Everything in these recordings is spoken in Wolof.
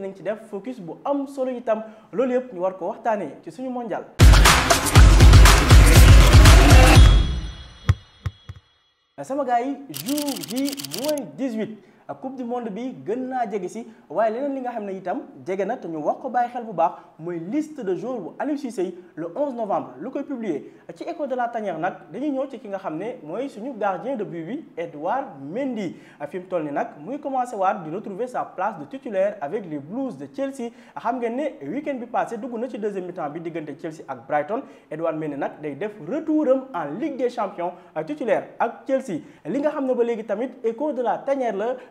dinañ ci def focus bu am solo itam loolu yëpp ñu war ko waxtaanee ci suñu mondial. sama gars yi jour ji moins 18. La coupe du monde bi gën naa jege si waaye leneen li nga xamné itam jege na té ñu wax ko bàyyi xel bu baax moy liste de joueurs bu Aliou Cissé le 11 novembre lu koy publier ci écho de la tanière nak dañuy ñëw ci ki nga xamné moy suñu gardien de but bi Edouard Mendy fi mu toll ni commence muy commencé waat di retrouver sa place de titulaire avec les Blues de Chelsea xam ngeen né week-end bi passé dugg na ci deuxième mi-temps bi Chelsea ak Brighton Edouard Mendy nak day def retouram en Ligue des Champions titulaire ak Chelsea li nga xamné ba légui tamit écho de la tanière la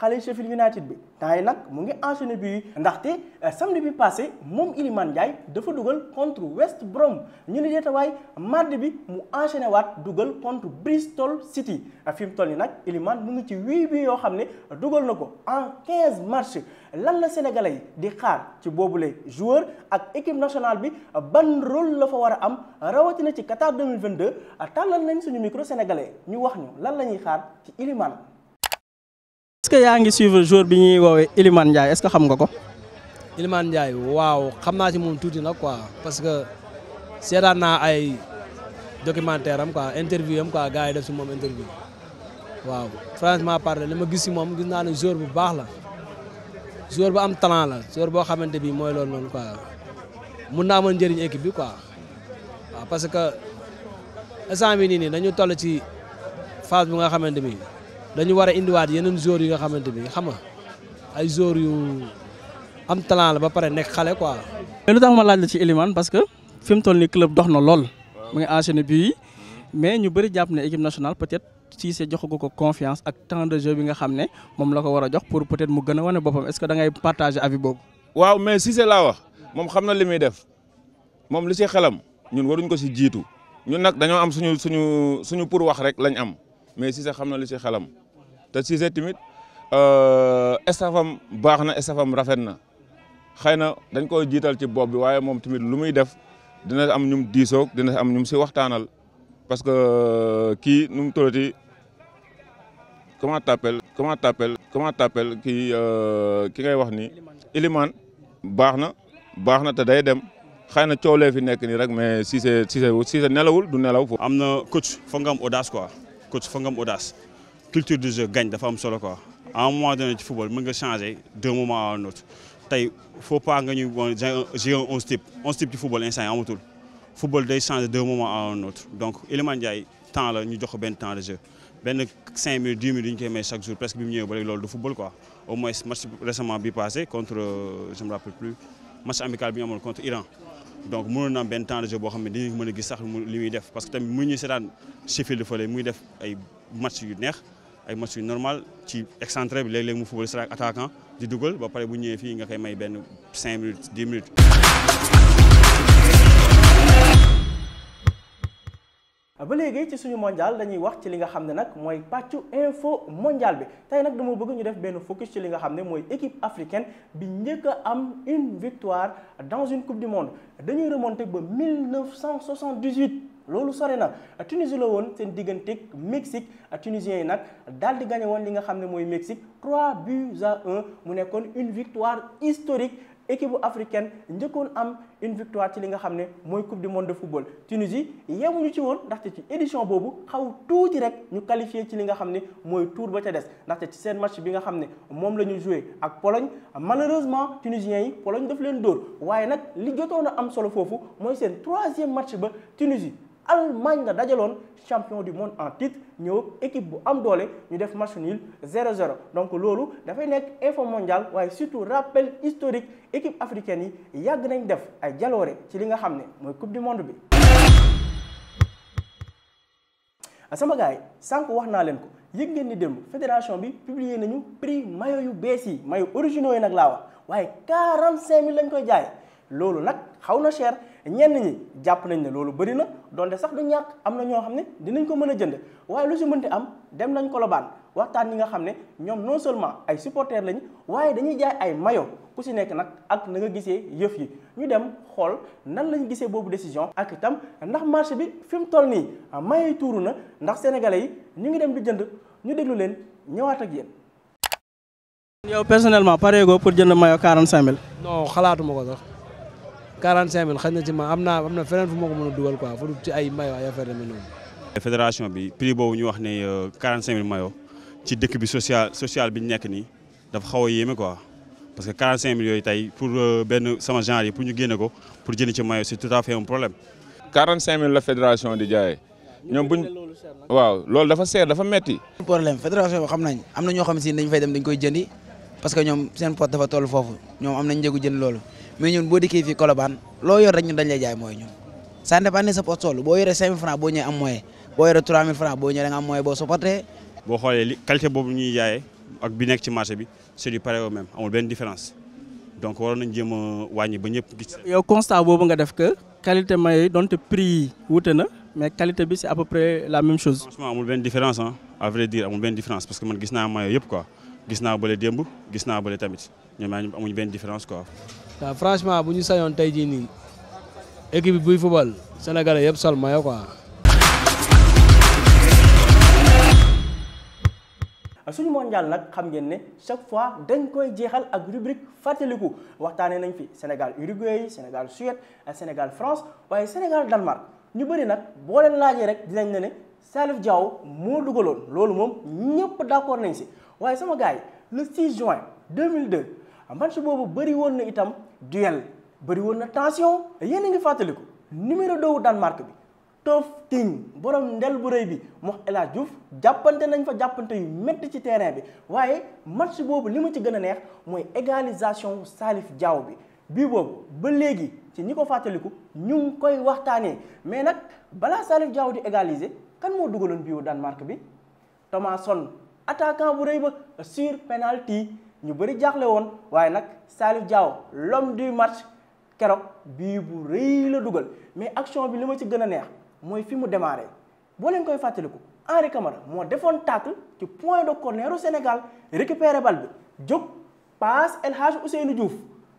xale Sheffield United bi tay nak nag mu ngi enchaîné bi ndaxte euh, samedi bi passé mom Iliman Ndiaye dafa dugal contre West Brom ñu ne way mardi bi mu enchaîné wat dugal contre Bristol City euh, fi mu nak Iliman mu ngi ci huit bi yo xamné ne nako en 15 matchs lan la Sénégalais di xaar ci lé joueur ak équipe nationale bi ban rôle la fa wara am rawati na ci Qatar 2022 tàllal nañ suñu micro sénégalais ñu wax ñu lan la ñuy xaar ci Iliman est-ce yaa ngi suivre jour bi ñuy woowee Ilimane Ndiaye est-ce que xam nga ko. Ilimane waaw xam naa ci moom tuuti nag quoi parce que seetaan naa ay documentaire am quoi interview am quoi gars def si moom interview waaw franchement parler li ma gis si moom gis naa ne joueur bu baax la joueur bu am talent la joueur boo xamante bi mooy loolu noonu quoi mun naa amoon njëriñ équipe bi quoi parce que instant bi nii nii dañu toll ci phase bi nga xamante bi. dañu war a indiwaat yeneen joueurs yi nga xamante bi xam nga ay joueurs yu am talent la ba pare nekk xale quoi. mais lu tax ma laaj la ci Elimane parce que fi toll nii club dox na lool mu ngi enchaîné but yi mais ñu bëri jàpp ne équipe nationale peut-être se joxagu ko confiance ak temps de jeu bi nga xam ne moom la ko war a jox pour peut-être mu gën a wane boppam est-ce que da ngay partager avis boobu. waaw mais Cissé laa wax moom xam na li muy def moom li si xelam ñun waruñ ko si jiitu ñun nag dañoo am suñu suñu suñu pour wax rek lañ am mais Cissé xam na li si xelam. te Cissé tamit estafam euh, baax na estafam rafet na xëy na dañ koy jiital ci bopp bi waaye moom tamit lu muy def dina am ñum diisoog dina am ñum si waxtaanal parce que euh, kii nu mu tuddati comment t'appelles comment t'appelles comment t'appelles kii euh, ki ngay wax ni Ilimane baax na baax na te day dem xëy na coolee fi nekk nii rek mais Cissé Cissé Cissé nelawul du nelaw. am na coach foog nga am audace quoi coach foog nga am audace. culture de jeu gagne, En moins de football, je changer d'un moment à un autre. Il ne faut pas gagner un 11 type. 11 type de football, c'est un tout. Le football change d'un moment à un autre. Donc, il y a temps, là, nous avons temps de jeu. Ben 5 000, 10 000 qui chaque jour, presque 1 000 pour le football. Quoi. Au moins, match récemment passé contre, euh, je ne me rappelle plus, match amical contre l'Iran. Donc, il y a temps de jeu pour le football. Parce que nous avons un chef de folie, nous avons un match qui est je suis normal suis excentré je suis attaquant di suis ba pare bu ñëwee fii nga 5 minutes 10 minutes. Ah, ba vous ci suñu mondial dañuy wax ci li nga xamné nak info mondial bi tay nak dama bëgg ñu def focus ci li nga équipe africaine bi a une victoire dans une coupe du monde dañuy remonter ba 1978 loolu sore na Tunisie la won sen digganteeg Mexique tunisiens tunisien nak daal di gagné woon li nga xam moy Mexique 3 buts à 1 mu nekkoon une victoire historique équipe africaine njëkkoon am une victoire ci li nga xam moy coupe du monde de football Tunisie yemuñu ci won ndax ci édition bobu xaw tuuti rek ñu qualifier ci li nga xam moy tour ba ca dess ndax ci sen match bi nga xam mom moom la ñu joué ak Pologne malheureusement tunisien yi Pologne daf leen door waye nak li jotoon am solo fofu moy sen 3e match ba Tunisie. Allemagne nga dajaloon champion du monde en titre ñëw équipe bu am doole ñu def machine nul 0 donc loolu dafay nekk info mondial waaye surtout rappel historique équipe africain yi yàgg nañ def ay jaloore ci li nga xam ne mooy coupe du monde bi. Ah, sama gars yi sànq wax naa leen ko yëg ngeen ni démb fédération bi publier nañu prix maillot yu bees yi maillot originaux yi nag laa wax waaye 45000 lañ koy jaay loolu nag xaw na cher. ñenn ñi jàpp nañ ne loolu bëri na donte sax du ñàkk am na ñoo xam ne dinañ ko mën a jënd waaye lu si mënti am dem nañ ko Colobane waxtaan ñi nga xam ne ñoom non seulement ay supporters lañ waaye dañuy jaay ay mayo ku si nekk nag ak na nga gisee yëf yi ñu dem xool nan lañ gisee boobu décision ak itam ndax marché bi fi mu toll nii mayo yi tuuru na ndax sénégalais yi ñu ngi dem di jënd ñu déglu leen ñëwaat ak yéen. yow personnellement pareegoo pour jënd mayo 45 000. non xalaatuma ko 45 mille xëy na ci ma am naa am na feneen fu ma ko mën a dugal quoi fu ci ay mayo ay affaire demee noonu. fédération bi prix boobu ñu wax ne 45 euh, mille mayo ci dëkk bi social social bi ñu nekk nii dafa xaw a yéeme quoi parce que 45 mille yooyu tey pour euh, benn sama genre yi pour ñu génne ko pour jënd ci mayo c'est tout à fait un problème. 45 mille la fédération di jaayee. ñoom buñ waaw loolu dafa seer dafa metti problème fédération bi xam nañ am na ñoo xam si dañ fay dem dañ koy jëndi parce que ñoom seen pot dafa foofu ñoom am nañ njëgu jënd loolu. mais ñun bo diké fi Colobane lo yor rek ñun dañ lay jaay moy ñun ça dépend ne sa poche bo boo yoree 5000 francs bo ñëwee am moyen bo yoree 3000 francs bo ñëwee da nga am moyen bo supporté. bo xolé qualité bobu ñuy jaay ak bi nekk ci marché bi c'est du pareil au même amul ben différence donc waroon nañ jëm wañi ba ñëpp gis. yow constat bobu nga def que qualité maye donte prix wouté na mais qualité bi c'est à peu près la même chose. franchement amul ben différence hein à vrai dire amul ben différence parce que man gis na maye yëpp quoi gis naa bële démb gis naa bële tamit ñu ñoo amuñu benn différence quoi. waaw franchement bu ñu sañoon tey jii nii équipe bi buy football sénégalais yëpp sol maillot quoi. Ah, suñu mondial nag xam ngeen ne chaque fois dañ koy jeexal ak rubrique fàttaliku waxtaanee nañ fi Sénégal Uruguay Sénégal Suède Sénégal France waaye Sénégal Danemark ñu bëri nag boo leen laajee rek dinañ ne ne Salif Diao moo dugaloon loolu moom ñëpp d'accord nañ si waaye sama gars yi le 6 juin 2002 match boobu bari woon na itam duel bëri woon na tension yéen a ngi fàttaliku numéro doowu Danemark bi Tof Ting borom ndel bu rëy bi moom El Hadj jàppante nañ fa jàppante yu métti ci terrain bi waaye match boobu li ma ci gën a neex mooy égalisation Salif Diao bi bii boobu ba léegi ci ñi ko fàttaliku ñu ngi koy waxtaanee mais nag balaa Salif Diao di égaliser kan moo dugaloon biiwu Danemark bi Thomasson attaquant bu rëy ba sur penalty ñu bëri jaaxle woon waaye nag Salif Diao l'homme du match keroog bii bu rëy la dugal mais action bi li ma ci gën a neex mooy fi mu démarré boo leen koy fàttaliku Henri Camara moo defoon tacle ci point de corner au Sénégal récupéré bal bi jóg passe El Hadj Ousseynou Diouf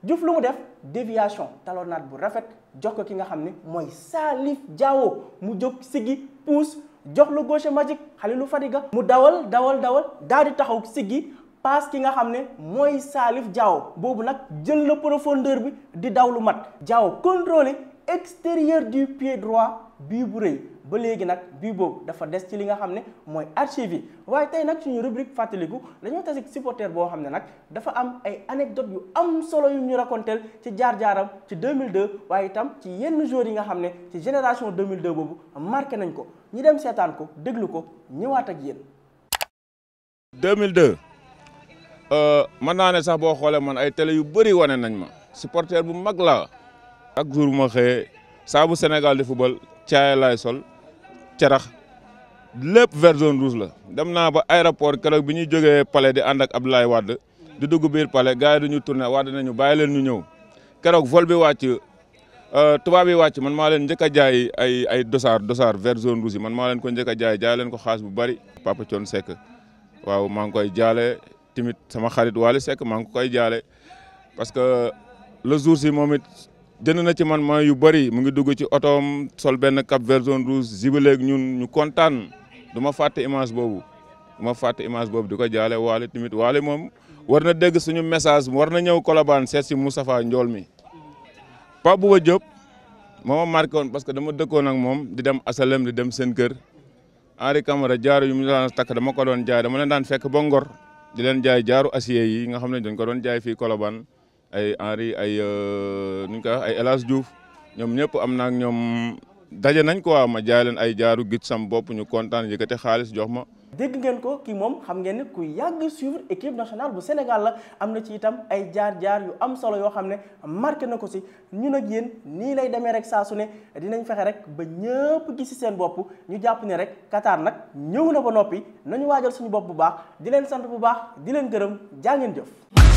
Diouf lu mu def déviation talonnaat bu rafet jox ko ki nga xam ne mooy Salif Diao mu jóg siggi pousse jox lu gauche magique Khalilou Fadiga mu dawal dawal dawal daal di taxaw siggi paas ki nga xam ne mooy Salif Diao boobu nag jël la porofondeur bi di daw lu mat Diao contrôlé extérieur du pied droit bii bu rëy ba léegi nag bii boobu dafa des ci li nga xam ne mooy archive yi waaye tey nag suñu rubrique fàttaliku dañoo tase supporter boo xam ne nag dafa am ay anecdote yu am solo yu ñu racontel ci jaar-jaaram ci 2002 waaye itam ci yenn joueurs yi nga xam ne ci génération 2002 boobu marqué nañ ko ñu dem seetaan ko déglu ko ñëwaat ak yéen. 2002. Euh, mën naa ne sax boo xoolee man ay télé yu bari wane nañ ma supporter bu mag laa ak jour bu ma xëyee saa bu Sénégal football caaya laay sol cerax lépp vert zone rouge la dem naa ba aéroport keroog bi ñuy jógee palais di ànd ak Abdoulaye Wade di dugg biir palais du ñu turne tourné Wade nañu bàyyi leen ñu ñëw keroog vol bi wàcc euh, tubaab yi wàcc man maa leen njëkk a jaay ay ay dosaar dosaar vert zone rouge man maa leen ko njëkk a jaay jaay leen ko xaas bu bari Papa Thione Seck waaw maa ngi koy jaale tamit sama xarit Wally sek maa ngi koy jaale parce que le jour si moom it jënd na ci man moyens yu bëri mu ngi dugg ci otoom sol benn Cap Vert zone rouge zibaléeg ñun ñu kontaan du ma fàtte image boobu du ma fàtte image boobu di ko jaale Wally tamit Wally moom war na dégg suñu message war na ñëw Colobane seet si Moustapha njool mi Pape Bouba Diop moo ma marqué woon parce que dama dëkkoon ak moom di dem asalem di dem seen kër Henri Camara jaar yu mu daan takk dama ko doon jaay dama leen daan fekk ba Ngor di len jaay jaaru asiyé yi nga xamné dañ ko doon jaay fi koloban ay henri ay euh nuñ ko wax ay elas diouf ñom ñep am ak ñom daje nañ quoi ma jaay leen ay jaaru gis sam bopp ñu kontaan yëkkate xaalis jox ma. dégg ngeen ko kii moom xam ngeen ne ku yàgg suivre équipe nationale bu Sénégal la am na ci itam ay jaar-jaar yu am solo yoo xam ne marqué na ko si ñun ak yéen nii lay demee rek saa su ne dinañ fexe rek ba ñëpp gis si seen bopp ñu jàpp ne rek Qatar nag ñëw na ba noppi nañu waajal suñu bopp bu baax di leen sant bu baax di leen gërëm jaa ngeen jëf.